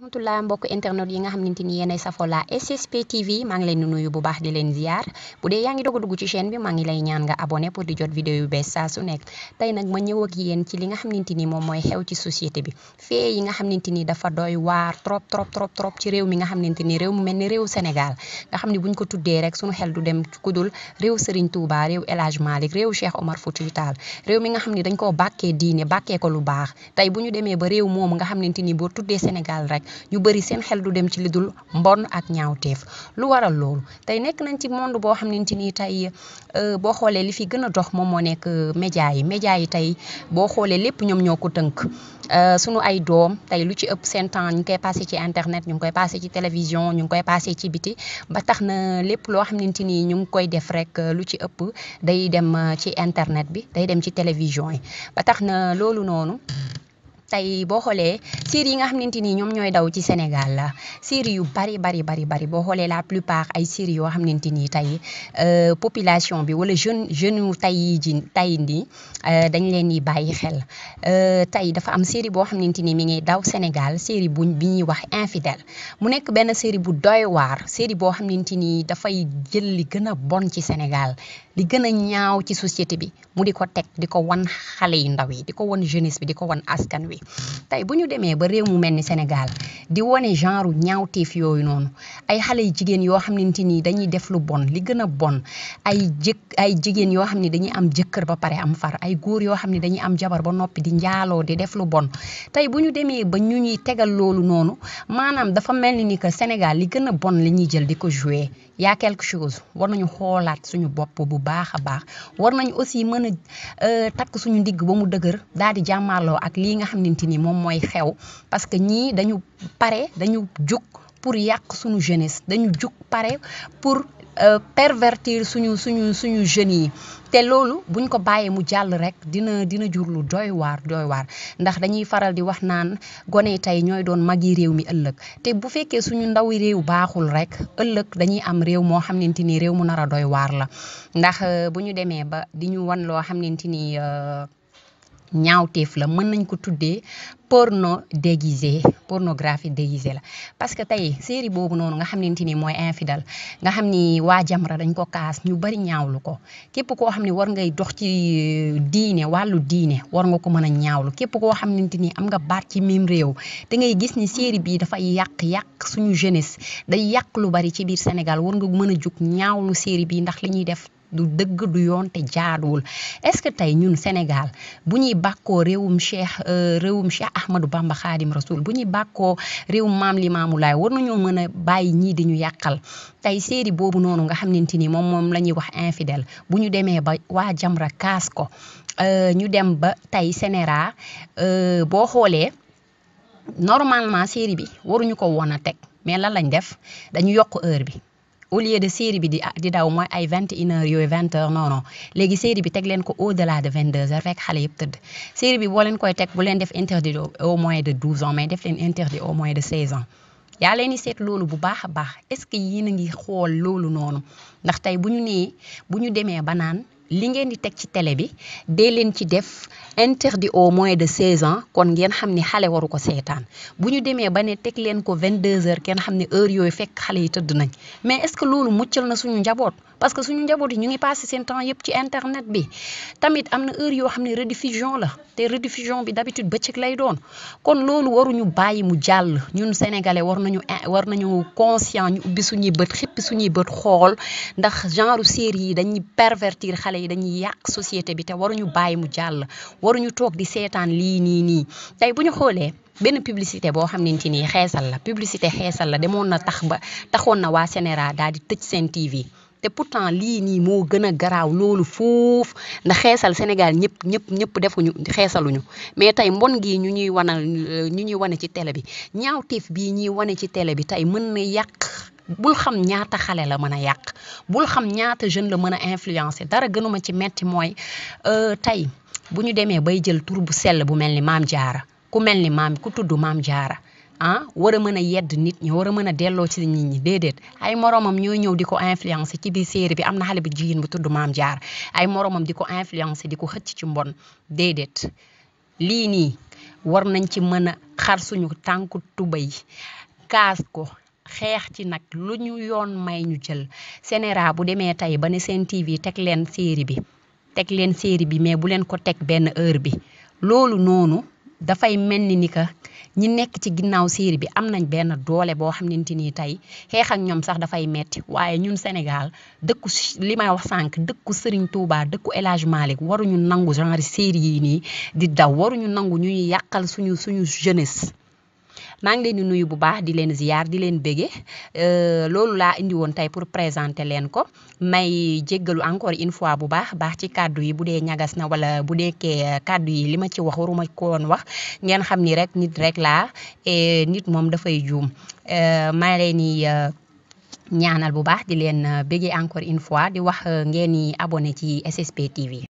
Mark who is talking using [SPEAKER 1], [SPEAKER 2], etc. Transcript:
[SPEAKER 1] rahmatullah mbokk internet yi nga xamante ni yéenay safo la SSP TV maa ngi leen di nuyu bu baax di leen ziar bu dee yaa ngi doog a dugg ci chaîne bi maa ngi lay ñaan nga abonné pour di jot vidéo yu bees saa su nekk tey nag ma ñëw ak yéen ci li nga xamante ni moom mooy xew ci société bi fee yi nga xamante ni dafa doy waar trop trop trop trop ci réew mi nga xamante ni réew mu mel ni réew Sénégal nga xam ne buñ ko tuddee rek suñu xel du dem ku dul réew Serigne Touba réew El Hadj réew Cheikh Omar Foutiyou réew mi nga xam ne dañ koo bàkkee diine bàkkee ko lu baax tey bu ñu demee ba réew moom nga xamante ni boo tuddee Sénégal rek ñu bëri seen xel du dem ci li dul mbon ak ñaawteef lu waral loolu tey nekk nañ ci monde boo xam ne ni tey euh, boo xoolee li fi gën a dox moom moo nekk euh, média yi média yi tey boo xoolee lépp ñoom ñoo ko tënk euh, sunu ay doom tey lu ci ëpp seen temps ñu ngi koy passé ci internet ñu koy passé ci télévision ñu ngi koy passé ci biti ba tax na lépp loo xam ne ni ñu ngi koy def rek lu ci ëpp day dem ci internet bi day dem ci télévision yi ba tax na loolu noonu tey boo xoolee série yi nga xamante ni ñoom ñooy daw ci Sénégal la yu bari bari bari bari boo xoolee la plupart ay série yoo xamante nii tey euh, population bi wala jeune jeune tey ji tey ni euh, dañ leen di bàyyi xel euh, tey dafa am série boo xamante ni mi ngi daw Sénégal série bu bi ñuy wax infidel mu nekk benn série bu doy waar série boo xam ne xamante nii dafay jël li gën a bon ci Sénégal li gën a ñaaw ci société bi mu di ko teg di ko wan xale yu ndaw yi di ko wan jeunesse bi di ko wan askan wi tey bu ñu demee ba réew mu mel ni Sénégal di wone genre ñaawteef yooyu noonu ay xale yu jigéen yoo xamante ni dañuy def lu bon li gën a bon ay jëkk ay jigéen yoo xam ne dañuy am jëkkër ba pare am far ay góor yoo xam ne dañuy am jabar ba noppi di njaaloo di def lu bon tey bu ñu demee ba ñu ñuy tegal loolu noonu maanaam dafa mel ni ni que Sénégal li gën a bon li ñuy jël di ko jouer yaa quelque chose war nañu xoolaat suñu bopp bu baax a baax war nañu aussi mën a euh, takk suñu ndigg ba mu dëgër daal di jàmmaarloo ak lii nga xamante ni moom mooy xew pare dañu jug pour yàq suñu jeunesse dañu jug pare pour euh, pervertir suñu suñu suñu jeunes yi te loolu buñ ko bàyyee mu jàll rek dina dina jur lu doy waar doy waar ndax dañuy faral di wax naan gone tey ñooy doon mag yi réew mi ëllëg te bu fekkee suñu ndawi réew baaxul rek ëllëg dañuy am réew moo xamante ni réew mu nar a doy waar la ndax euh, bu ñu demee ba di ñu wan loo xamante ni. Euh, ñaawteef la mën nañ ko tuddee porno déguisé pornographie déguisé la parce que tey série boobu noonu nga xamante ni mooy infidèle nga xam ni waa Jamra dañ ko kaas ñu bari ñaawlu ko képp koo xam ne war ngay dox ci euh, diine wàllu diine war nga ko mën a ñaawlu képp koo xamante ni am nga baat ci même réew da ngay gis ni série bii dafay yàq yàq suñu jeunesse day yàq lu bari ci biir Sénégal war nga mën a jug ñaawlu série bii ndax li ñuy def du dëgg du yoon te jaaduwul est-ce que tey ñun Sénégal bu ñuy bàkkoo réewum cheikh euh, réewum cheikh Ahmadou Bamba Xaadim Rasul bu ñuy bàkkoo réewum maam Limaamu Laay war nañoo mën a bàyyi ñii di ñu yàqal tey série boobu noonu nga xamante ni moom moom la ñuy wax infidèle bu ñu demee ba waa Jamra kaas ko euh, ñu dem ba tey Sénéra euh, boo xoolee normalement série bi waruñu ko woon a teg mais lan lañ def dañu yokk heure bi au lieu de série bi di di daw mooy ay vingt et une heures yooyu vingt heures non léegi série bi teg leen ko au delà de vingt deux heures fekk xale yëpp tëdd série bi boo leen koy teg bu leen def interdit au moins de douze ans mais def leen interdit au moins de seize ans. yaa leen di seet loolu bu baax a baax est-ce que yéen a ngi xool loolu noonu ndax tey bu ñu nee bu ñu demee ba naan li ngeen di teg ci télé bi dee leen ci def interdit au moins de 16 ans kon ngeen xam ni xale waru ko seetaan bu ñu demee ba ne teg leen ko 22 heures kenn xam ne heure yooyu fekk xale yi tëdd nañ mais est-ce que loolu muccal na suñu njaboot parce que suñu njaboot yi ñu ngi passé seen temps yëpp ci internet bi tamit am na heure yoo xam ne rediffusion la te rediffusion bi d'habitude bëccëg lay doon kon loolu waruñu bàyyi mu jàll ñun sénégalais war nañu war nañu conscient ñu ubbi suñuy bët xippi suñuy bët xool ndax genre série yi sénégalais dañuy yàq société bi te waruñu bàyyi mu jàll waruñu toog di seetaan lii nii nii tey bu ñu xoolee benn publicité boo xamante ni xeesal la publicité xeesal la demoon na tax ba taxoon na waa Sénéra daal di tëj seen TV. te pour temps lii nii moo gën a garaaw loolu foofu ndax xeesal Sénégal ñëpp ñëpp ñëpp defuñu xeesaluñu mais tey mbon gii ñu ñuy wanal ñu ñuy wane ci télé bi ñaawteef bii ñuy wane ci télé bi tey mën na yàq bul xam ñaata xale la mën a yàq bul xam ñaata jeune la mën a influencer dara gënuma ci metti mooy euh, tey bu ñu demee bay jël tur bu sell bu mel ni maam jaara ku mel ni maam ku tudd maam jaara ah war a mën a yedd nit ñi war a mën a delloo ci nit ñi déedéet ay moromam ñoo ñëw di ko influencé ci biir série bi am na xale bu jigéen bu tudd maam jaar ay moroomam di ko influencé di ko xëcc ci mbon déedéet lii nii war nañ ci mën a xar suñu tànku tubay kaas ko xeex ci nag lu ñu yoon may ñu jël Sénéra bu demee tey ba ne seen TV teg leen série bi teg leen série bi mais bu leen ko teg benn heure bi loolu noonu dafay mel ni ni que ñi nekk ci ginnaaw série bi am nañ benn doole boo xam ni tey xeex ak ñoom sax dafay metti waaye ñun Sénégal dëkku li may wax sànq dëkku Serigne Touba dëkku élagement Hadj Malick waruñu nangu genre série yi nii di daw waruñu nangu ñuy yàqal suñu suñu jeunesse. maa ngi leen di nuyu bu baax di leen ziyaar di leen bége euh, loolu laa indi woon tey pour présenter leen ko may jéggalu encore une fois bu baax baax ci kàddu yi bu dee ñagas na wala bu deekee kaddu yi li ma ci wax waruma koon wax ngeen xam ni rek nit rek laa nit moom dafay juum euh, maa leen di euh, ñaanal bu baax di leen bége encore une fois di wax ngeen ni abonné ci SSP TV.